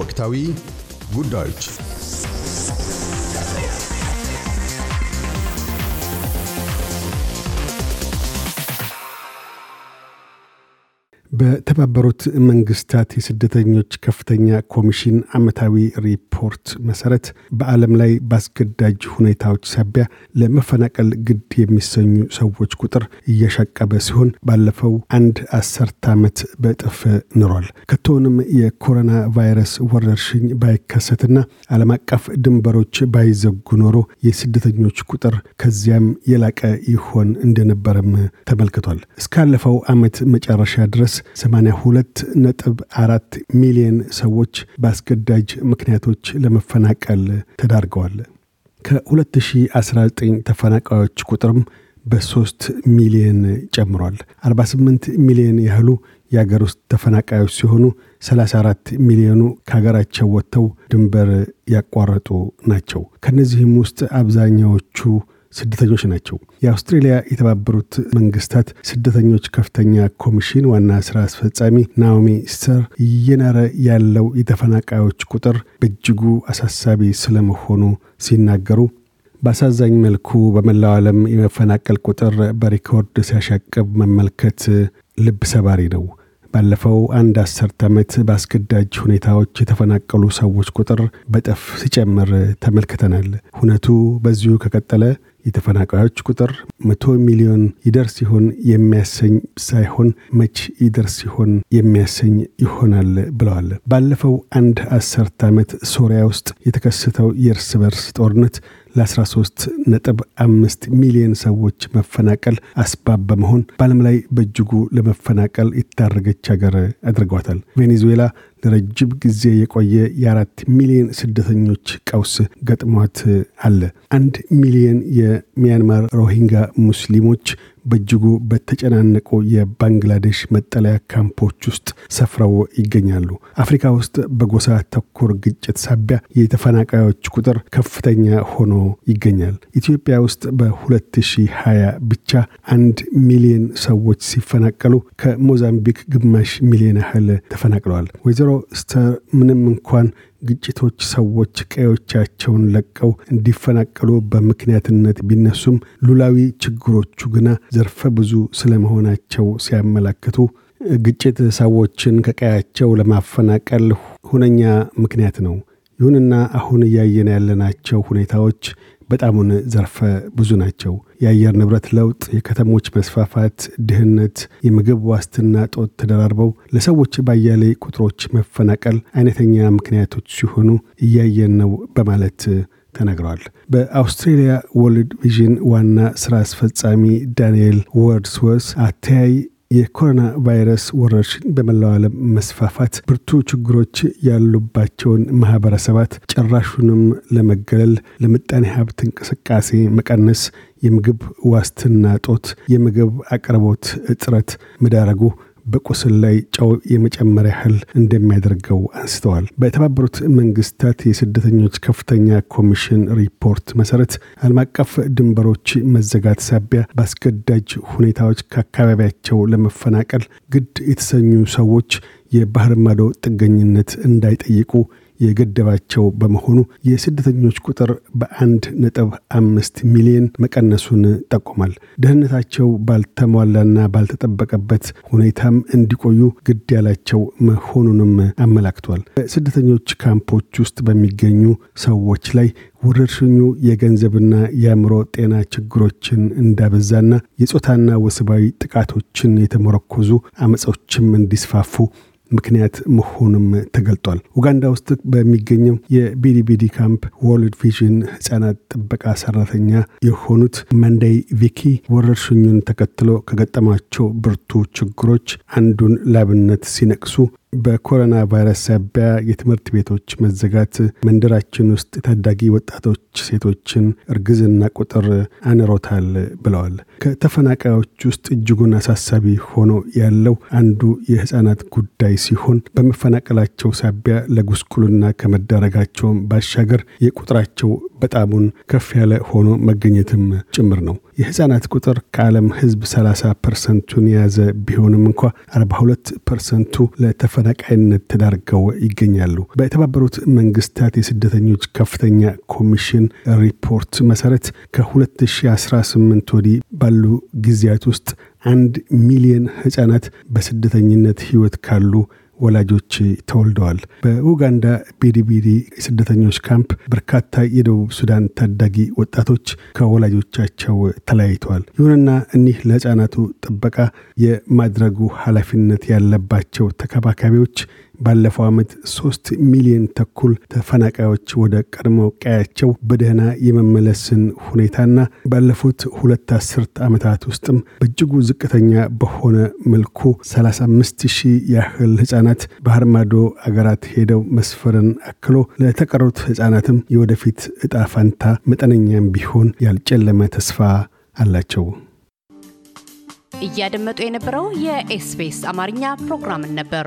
ወቅታዊ ጉዳዮች በተባበሩት መንግስታት የስደተኞች ከፍተኛ ኮሚሽን አመታዊ ሪፖርት መሰረት በዓለም ላይ በአስገዳጅ ሁኔታዎች ሳቢያ ለመፈናቀል ግድ የሚሰኙ ሰዎች ቁጥር እያሻቀበ ሲሆን ባለፈው አንድ አስርተ ዓመት በጥፍ ኑሯል። ከቶንም የኮሮና ቫይረስ ወረርሽኝ ባይከሰትና ዓለም አቀፍ ድንበሮች ባይዘጉ ኖሮ የስደተኞች ቁጥር ከዚያም የላቀ ይሆን እንደነበረም ተመልክቷል። እስካለፈው ዓመት መጨረሻ ድረስ 82 ነጥብ አራት ሚሊዮን ሰዎች በአስገዳጅ ምክንያቶች ለመፈናቀል ተዳርገዋል። ከ2019 ተፈናቃዮች ቁጥርም በ3 ሚሊየን ጨምሯል። 48 ሚሊየን ያህሉ የአገር ውስጥ ተፈናቃዮች ሲሆኑ 34 ሚሊዮኑ ከሀገራቸው ወጥተው ድንበር ያቋረጡ ናቸው። ከእነዚህም ውስጥ አብዛኛዎቹ ስደተኞች ናቸው። የአውስትሬልያ የተባበሩት መንግስታት ስደተኞች ከፍተኛ ኮሚሽን ዋና ስራ አስፈጻሚ ናኦሚ ስተር እየናረ ያለው የተፈናቃዮች ቁጥር በእጅጉ አሳሳቢ ስለመሆኑ ሲናገሩ በአሳዛኝ መልኩ በመላው ዓለም የመፈናቀል ቁጥር በሪኮርድ ሲያሻቅብ መመልከት ልብ ሰባሪ ነው። ባለፈው አንድ አስርት ዓመት በአስገዳጅ ሁኔታዎች የተፈናቀሉ ሰዎች ቁጥር በጠፍ ሲጨምር ተመልክተናል። ሁነቱ በዚሁ ከቀጠለ የተፈናቃዮች ቁጥር መቶ ሚሊዮን ይደርስ ሲሆን የሚያሰኝ ሳይሆን መች ይደርስ ሲሆን የሚያሰኝ ይሆናል ብለዋል። ባለፈው አንድ አስርት ዓመት ሶሪያ ውስጥ የተከሰተው የእርስ በርስ ጦርነት ለ13.5 ሚሊዮን ሰዎች መፈናቀል አስባብ በመሆን በዓለም ላይ በእጅጉ ለመፈናቀል የታረገች ሀገር አድርጓታል። ቬኔዙዌላ ለረጅም ጊዜ የቆየ የአራት ሚሊዮን ስደተኞች ቀውስ ገጥሟት አለ። አንድ ሚሊዮን የሚያንማር ሮሂንጋ ሙስሊሞች በእጅጉ በተጨናነቁ የባንግላዴሽ መጠለያ ካምፖች ውስጥ ሰፍረው ይገኛሉ። አፍሪካ ውስጥ በጎሳ ተኩር ግጭት ሳቢያ የተፈናቃዮች ቁጥር ከፍተኛ ሆኖ ይገኛል። ኢትዮጵያ ውስጥ በ2020 ብቻ አንድ ሚሊዮን ሰዎች ሲፈናቀሉ ከሞዛምቢክ ግማሽ ሚሊዮን ያህል ተፈናቅለዋል። ወይዘሮ ስተር ምንም እንኳን ግጭቶች ሰዎች ቀዮቻቸውን ለቀው እንዲፈናቀሉ በምክንያትነት ቢነሱም ሉላዊ ችግሮቹ ግና ዘርፈ ብዙ ስለመሆናቸው ሲያመላክቱ ግጭት ሰዎችን ከቀያቸው ለማፈናቀል ሁነኛ ምክንያት ነው። ይሁንና አሁን እያየን ያለናቸው ሁኔታዎች በጣሙን ዘርፈ ብዙ ናቸው። የአየር ንብረት ለውጥ፣ የከተሞች መስፋፋት፣ ድህነት፣ የምግብ ዋስትና ጦት ተደራርበው ለሰዎች ባያሌ ቁጥሮች መፈናቀል አይነተኛ ምክንያቶች ሲሆኑ እያየን ነው በማለት ተናግረዋል። በአውስትሬሊያ ወርልድ ቪዥን ዋና ስራ አስፈጻሚ ዳንኤል ወርድስወርስ አተያይ የኮሮና ቫይረስ ወረርሽኝ በመላው ዓለም መስፋፋት ብርቱ ችግሮች ያሉባቸውን ማህበረሰባት ጭራሹንም ለመገለል፣ ለምጣኔ ሀብት እንቅስቃሴ መቀነስ፣ የምግብ ዋስትና ጦት፣ የምግብ አቅርቦት እጥረት መዳረጉ በቁስል ላይ ጨው የመጨመር ያህል እንደሚያደርገው አንስተዋል። በተባበሩት መንግስታት የስደተኞች ከፍተኛ ኮሚሽን ሪፖርት መሰረት ዓለም አቀፍ ድንበሮች መዘጋት ሳቢያ በአስገዳጅ ሁኔታዎች ከአካባቢያቸው ለመፈናቀል ግድ የተሰኙ ሰዎች የባህር ማዶ ጥገኝነት እንዳይጠይቁ የገደባቸው በመሆኑ የስደተኞች ቁጥር በአንድ ነጥብ አምስት ሚሊዮን መቀነሱን ጠቁሟል። ደህንነታቸው ባልተሟላና ባልተጠበቀበት ሁኔታም እንዲቆዩ ግድ ያላቸው መሆኑንም አመላክቷል። በስደተኞች ካምፖች ውስጥ በሚገኙ ሰዎች ላይ ወረርሽኙ የገንዘብና የአእምሮ ጤና ችግሮችን እንዳበዛና የጾታና ወስባዊ ጥቃቶችን የተመረኮዙ አመጾችም እንዲስፋፉ ምክንያት መሆኑም ተገልጧል። ኡጋንዳ ውስጥ በሚገኘው የቢዲቢዲ ካምፕ ወርልድ ቪዥን ህጻናት ጥበቃ ሰራተኛ የሆኑት መንዳይ ቪኪ ወረርሽኙን ተከትሎ ከገጠማቸው ብርቱ ችግሮች አንዱን ላብነት ሲነቅሱ በኮሮና ቫይረስ ሳቢያ የትምህርት ቤቶች መዘጋት መንደራችን ውስጥ ታዳጊ ወጣቶች ሴቶችን እርግዝና ቁጥር አንሮታል ብለዋል። ከተፈናቃዮች ውስጥ እጅጉን አሳሳቢ ሆኖ ያለው አንዱ የህፃናት ጉዳይ ሲሆን በመፈናቀላቸው ሳቢያ ለጉስቁልና ከመዳረጋቸውም ባሻገር የቁጥራቸው በጣሙን ከፍ ያለ ሆኖ መገኘትም ጭምር ነው። የህፃናት ቁጥር ከዓለም ህዝብ 30 ፐርሰንቱን የያዘ ቢሆንም እንኳ 42 ፐርሰንቱ ለተፈናቃይነት ተዳርገው ይገኛሉ። በተባበሩት መንግስታት የስደተኞች ከፍተኛ ኮሚሽን ሪፖርት መሰረት ከ2018 ወዲህ ባሉ ጊዜያት ውስጥ አንድ ሚሊየን ህፃናት በስደተኝነት ህይወት ካሉ ወላጆች ተወልደዋል። በኡጋንዳ ቢዲቢዲ የስደተኞች ካምፕ በርካታ የደቡብ ሱዳን ታዳጊ ወጣቶች ከወላጆቻቸው ተለያይተዋል። ይሁንና እኒህ ለሕፃናቱ ጥበቃ የማድረጉ ኃላፊነት ያለባቸው ተከባካቢዎች ባለፈው ዓመት ሶስት ሚሊዮን ተኩል ተፈናቃዮች ወደ ቀድሞ ቀያቸው በደህና የመመለስን ሁኔታና ባለፉት ሁለት አስርት ዓመታት ውስጥም በእጅጉ ዝቅተኛ በሆነ መልኩ 35 ሺህ ያህል ህጻናት ባህርማዶ አገራት ሄደው መስፈርን አክሎ ለተቀሩት ህጻናትም የወደፊት እጣ ፈንታ መጠነኛም ቢሆን ያልጨለመ ተስፋ አላቸው። እያደመጡ የነበረው የኤስፔስ አማርኛ ፕሮግራምን ነበር።